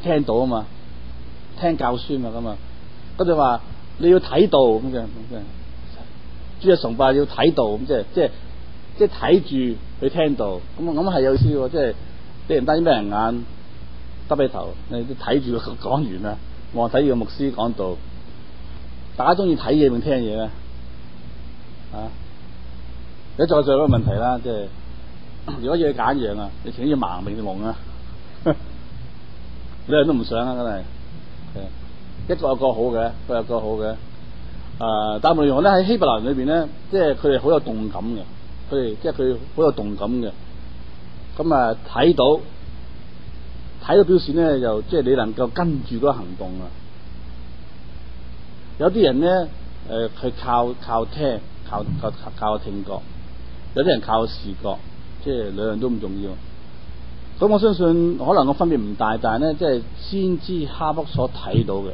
聽到啊嘛，聽教書嘛咁啊。跟住話你要睇道咁嘅，咁嘅。主日崇拜要睇道咁即係，即係即係睇住去聽到。咁我諗係有意思喎，即係你唔單止俾人眼耷起頭，你睇住佢講完啦。望睇住牧師講道，大家中意睇嘢，咪聽嘢咧？啊！而家再再有一個問題啦，即係如果要揀嘢啊，你情願盲定聾啊？兩 人都唔想啊，真係。一個有個好嘅，一個有一個好嘅。啊、呃，但係內容咧喺希伯來裏邊咧，即係佢哋好有動感嘅，佢哋即係佢好有動感嘅。咁、嗯、啊，睇到睇到表現咧，就即、是、係你能夠跟住個行動啊。有啲人咧，誒、呃，佢靠靠聽，靠靠靠,靠聽覺；有啲人靠視覺，即係兩樣都唔重要。咁我相信可能我分別唔大，但係咧即係先知哈巴谷所睇到嘅，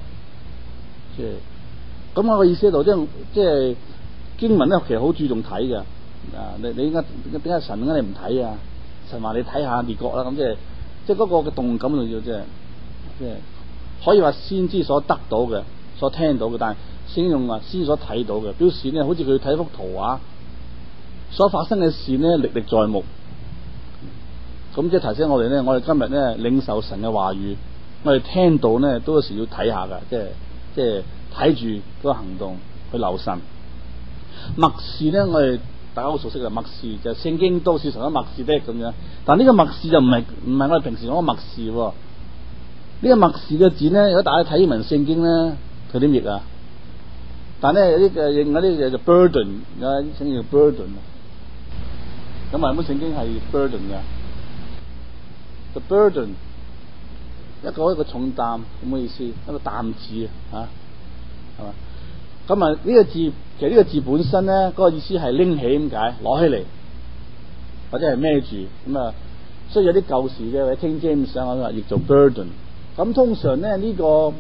即係咁我個意思喺度，即係即係經文咧其實好注重睇嘅。啊你你點解點解神咁你唔睇啊？神話你睇下列國啦、啊，咁即係即係個嘅動感就要、是，即係即係可以話先知所得到嘅，所聽到嘅，但係先用話先所睇到嘅，表示咧好似佢睇幅圖畫，所發生嘅事咧歷歷在目。咁即係提醒我哋咧，我哋今日咧領受神嘅話語，我哋聽到咧都有時要睇下噶，即係即係睇住嗰個行動去留神。默示咧，我哋大家好熟悉嘅默示，就是、聖經多次神都默示的咁樣。但呢個默示就唔係唔係我哋平時講嘅默示。呢、這個默示嘅字咧，如果大家睇英文聖經咧，佢啲譯啊？但係咧有啲嘅譯啲嘢就 burden 啊，有啲叫 burden, burden。咁有冇聖經係 burden 噶？The burden 一個一個重擔咁嘅、這個、意思一個擔字啊，係嘛？咁啊呢個字其實呢個字本身咧，嗰、這個意思係拎起咁解，攞起嚟或者係孭住咁啊。所以有啲舊時嘅或者聽 James 講話，亦做 burden。咁通常咧呢、這個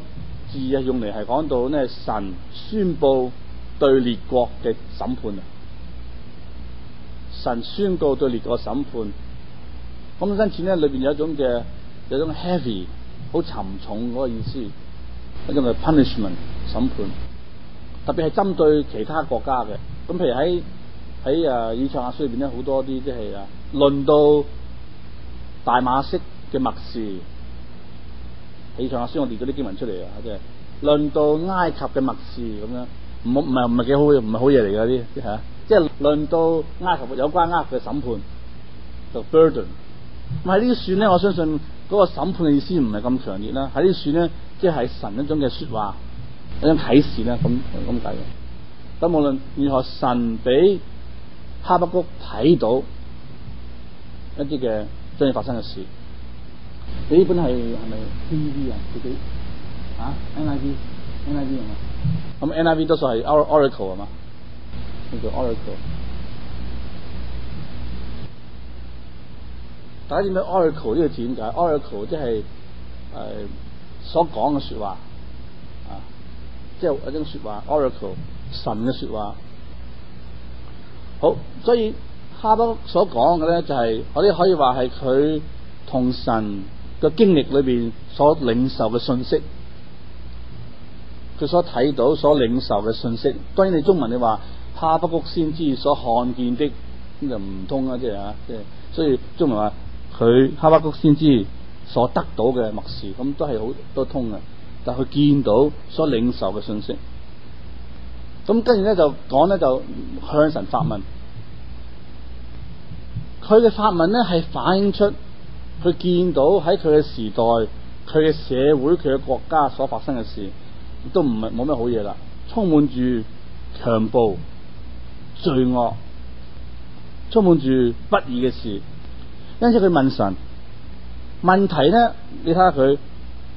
字啊用嚟係講到呢神宣布對列國嘅審判，神宣告對列國審判。咁因此咧，裏面有一種嘅有一種 heavy 好沉重嗰個意思，一個咪 punishment 審判，特別係針對其他國家嘅。咁譬如喺喺誒《以賽亞書》裏、呃、面咧，好多啲即係啊，論到大馬色嘅默示，《以賽亞書》我列咗啲經文出嚟啊，即係論到埃及嘅默示咁樣，唔好，唔係唔係幾好唔係好嘢嚟㗎啲即係即係論到埃及有關厄嘅審判，就係、burden。咁喺呢啲算咧，我相信嗰個審判嘅意思唔係咁強烈啦。喺呢啲算咧，即係神一種嘅說話，一種啟示咧，咁咁解嘅。咁無論如何，神俾哈巴谷睇到一啲嘅將要發生嘅事。你呢本係係咪 T V 啊？TV？啊 N I V N I V 係嘛？咁 N I V 多數係 Or, Oracle 嘛？叫做 Oracle。大家知咩 Oracle 呢個字解 Oracle？即係誒所講嘅說的話，啊，即係一種說話。Oracle 神嘅說話，好，所以哈巴谷所講嘅咧就係我哋可以話係佢同神嘅經歷裏邊所領受嘅信息，佢所睇到、所領受嘅信息。當然你中文你話哈巴谷先知所看見的，咁就唔通啊，即係啊，即係所以中文話。佢哈巴谷先知所得到嘅默示，咁都係好多通嘅。但係佢見到所領受嘅信息，咁跟住咧就講咧就向神發問，佢嘅發問咧係反映出佢見到喺佢嘅時代、佢嘅社會，佢嘅國家所發生嘅事，都唔係冇咩好嘢啦，充滿住強暴、罪惡，充滿住不義嘅事。因此佢問神，問題咧，你睇下佢，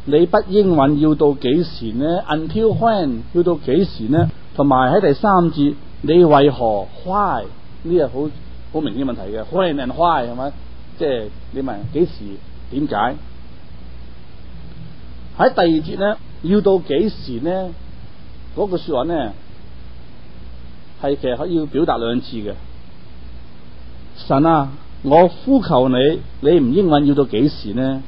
你不應允要到幾時咧？Until when？要到幾時咧？同埋喺第三節，你為何？Why？呢係好好明顯嘅問題嘅。When and why？係咪？即係你問幾時？點解？喺第二節咧，要到幾時咧？嗰個說話咧，係其實可以要表達兩次嘅。神啊！我呼求你，你唔應允，要到幾時呢？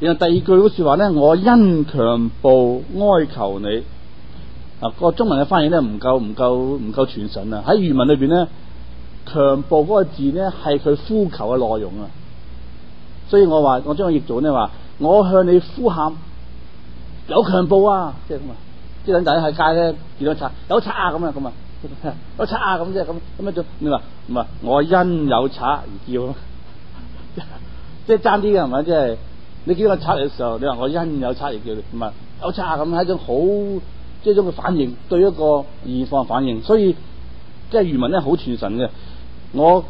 然後第二句好說話咧，我因強暴哀求你。啊、那，個中文嘅翻譯咧唔夠唔夠唔夠，夠傳神啊！喺原文裏邊咧，強暴嗰個字咧係佢呼求嘅內容啊。所以我話我將佢譯做咧話，我向你呼喊，有強暴啊！就是、樣，即係咁啊，啲卵仔喺街咧見到賊有賊啊咁啊咁啊！ 我賊咁即係咁咁一種，你話唔係我因有賊而叫咯，即係爭啲嘅係咪？即係你見到賊嚟嘅時候，你話我因有賊而叫，唔係有賊咁係一種好即係一種嘅反應，對一個異況反應。所以即係漁民咧好全神嘅，我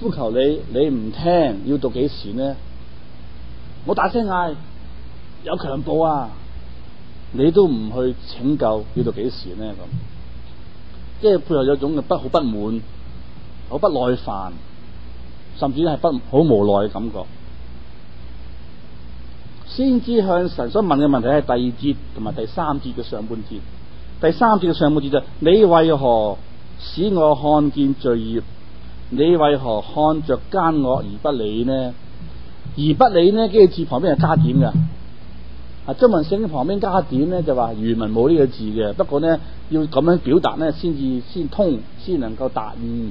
呼求你，你唔聽要到幾時呢？我大聲嗌有強暴啊，你都唔去拯救，要到幾時呢？咁。即係配合有一種嘅不好不滿，好不耐煩，甚至係不好無奈嘅感覺，先知向神所問嘅問題係第二節同埋第三節嘅上半節，第三節嘅上半節就係、你為何使我看見罪孽？你為何看着奸惡而不理呢？而不理呢？呢個字旁邊係加點噶。啊！周文星旁邊加點咧，就話原文冇呢個字嘅，不過咧要咁樣表達咧，先至先通，先能夠達意。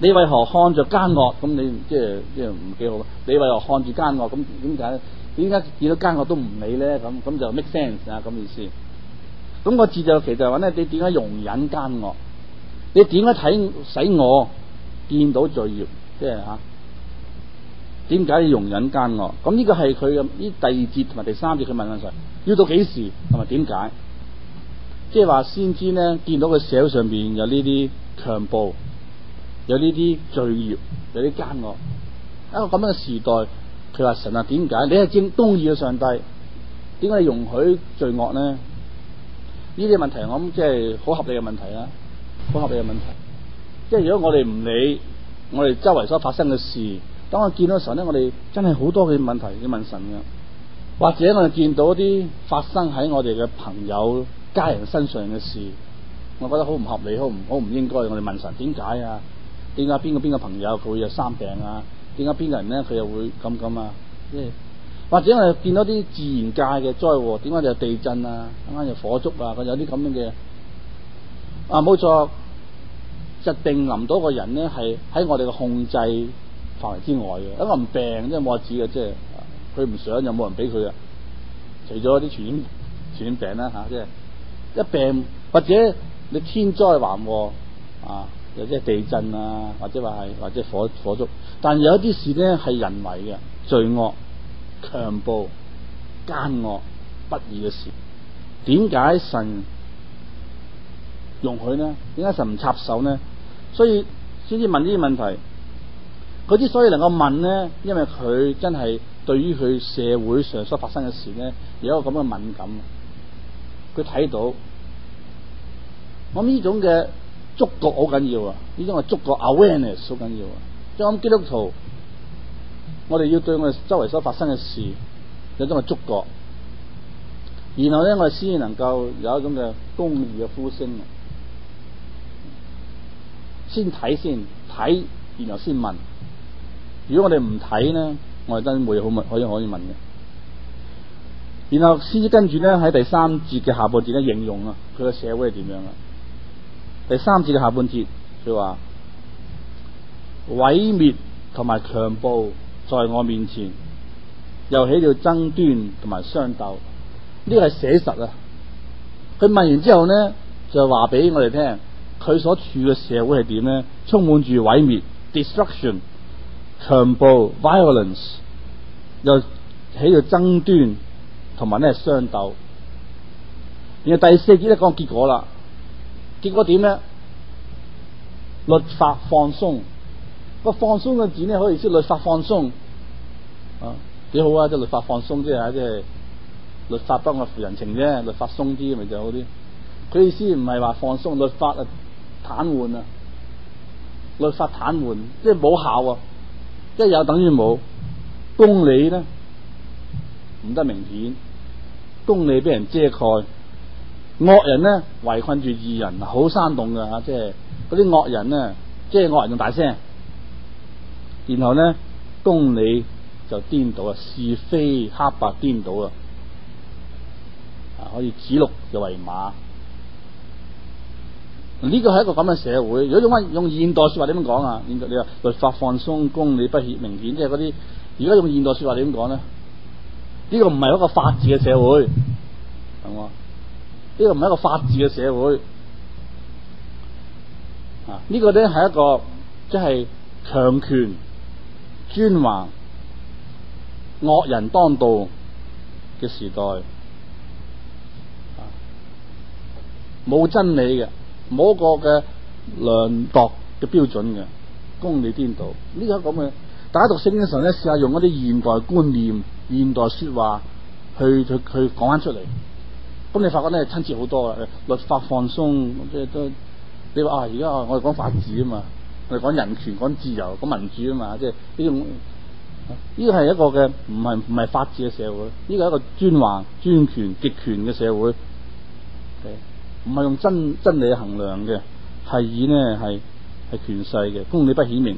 你為何看著奸惡？咁你即係即係唔幾好？你為何看住奸惡？咁點解？點解見到奸惡都唔理咧？咁咁就 make sense 啊？咁意思？咁個字就其實話咧，你點解容忍奸惡？你點解睇使我見到罪業？即係啊！點解要容忍奸惡？咁呢個係佢嘅呢第二節同埋第三節，佢問緊神：要到幾時同埋點解？即係話先知咧，見到個社會上邊有呢啲強暴，有呢啲罪孽，有啲奸惡。喺個咁樣嘅時代，佢話神啊，點解你係正公義嘅上帝？點解你容許罪惡呢？呢啲問題我諗即係好合理嘅問題啦，好合理嘅問題。即係、就是、如果我哋唔理我哋周圍所發生嘅事。當我見到神咧，我哋真係好多嘅問題要問神嘅，或者我哋見到啲發生喺我哋嘅朋友、家人身上嘅事，我覺得好唔合理、好唔好唔應該，我哋問神點解啊？點解邊個邊個朋友佢會有生病啊？點解邊個人咧佢又會咁咁啊？即、yeah. 係或者我哋見到啲自然界嘅災禍，點解有地震啊？啱啱就火燭啊？佢有啲咁樣嘅啊，冇錯，就定臨到個人咧係喺我哋嘅控制範圍之外嘅，因為唔病即係冇話治嘅，即係佢唔想有冇人俾佢啊。除咗啲傳染傳染病啦吓，即係一病或者你天災橫禍啊，又即係地震啊，或者話係或者火火燭。但係有一啲事咧係人為嘅罪惡、強暴、奸惡不義嘅事，點解神容許呢？點解神唔插手呢？所以先至問呢啲問題。佢之所以能夠問咧，因為佢真係對於佢社會上所發生嘅事咧，有一個咁嘅敏感。佢睇到，我諗呢種嘅觸覺好緊要啊！呢種係觸覺 awareness 好緊要啊！即係基督徒，我哋要對我哋周圍所發生嘅事有一種嘅觸覺，然後咧我哋先至能夠有一種嘅公義嘅呼聲，先睇先睇，然後先問。如果我哋唔睇呢，我哋真係會好問，可以可以問嘅。然後詩跟住呢，喺第三節嘅下半節咧，形容啊，佢嘅社會係點樣啊？第三節嘅下半節，佢話毀滅同埋強暴在我面前，又起了爭端同埋相鬥。呢、這個係寫實啊！佢問完之後呢，就話俾我哋聽，佢所處嘅社會係點呢？充滿住毀滅，destruction。Disruption, 強暴、violence，又起到爭端，同埋咧係相鬥。然後第四節咧講結果啦，結果點咧？律法放鬆，個放鬆嘅字咧，可以即律法放鬆，啊，幾好啊！即係律法放鬆啫，吓即係律法不外乎人情啫，律法鬆啲咪就好啲。佢意思唔係話放鬆，律法啊，癱瘓啊，律法癱瘓，即係冇效啊！一有等於冇，公理咧唔得明顯，公理俾人遮蓋，惡人咧圍困住二人，好生動噶吓，即係嗰啲惡人咧，即係惡人仲大聲，然後咧公理就顛倒啦，是非黑白顛倒啦，可以指鹿就為馬。呢個係一個咁嘅社會。如果用翻用現代說話點樣講啊？現代你話律法放鬆功，公理不顯明顯，即係嗰啲。如果用現代說話點樣講咧？呢個唔係一個法治嘅社會，係嘛？呢個唔係一個法治嘅社會。啊，呢個咧係一個即係強權、專橫、惡人當道嘅時代，冇真理嘅。冇一個嘅量度嘅標準嘅，公理顛倒，呢個係咁嘅，大家讀聖經嘅時候咧，試下用一啲現代觀念、現代說話去去去講翻出嚟，咁你發覺咧親切好多啊！律法放鬆，即係都你話啊，而家啊，我哋講法治啊嘛，我哋講人權、講自由、講民主啊嘛，即係呢種呢個係一個嘅唔係唔係法治嘅社會，呢個係一個專橫專權極權嘅社會。唔係用真真理衡量嘅，係以咧係係權勢嘅，公理不顯明。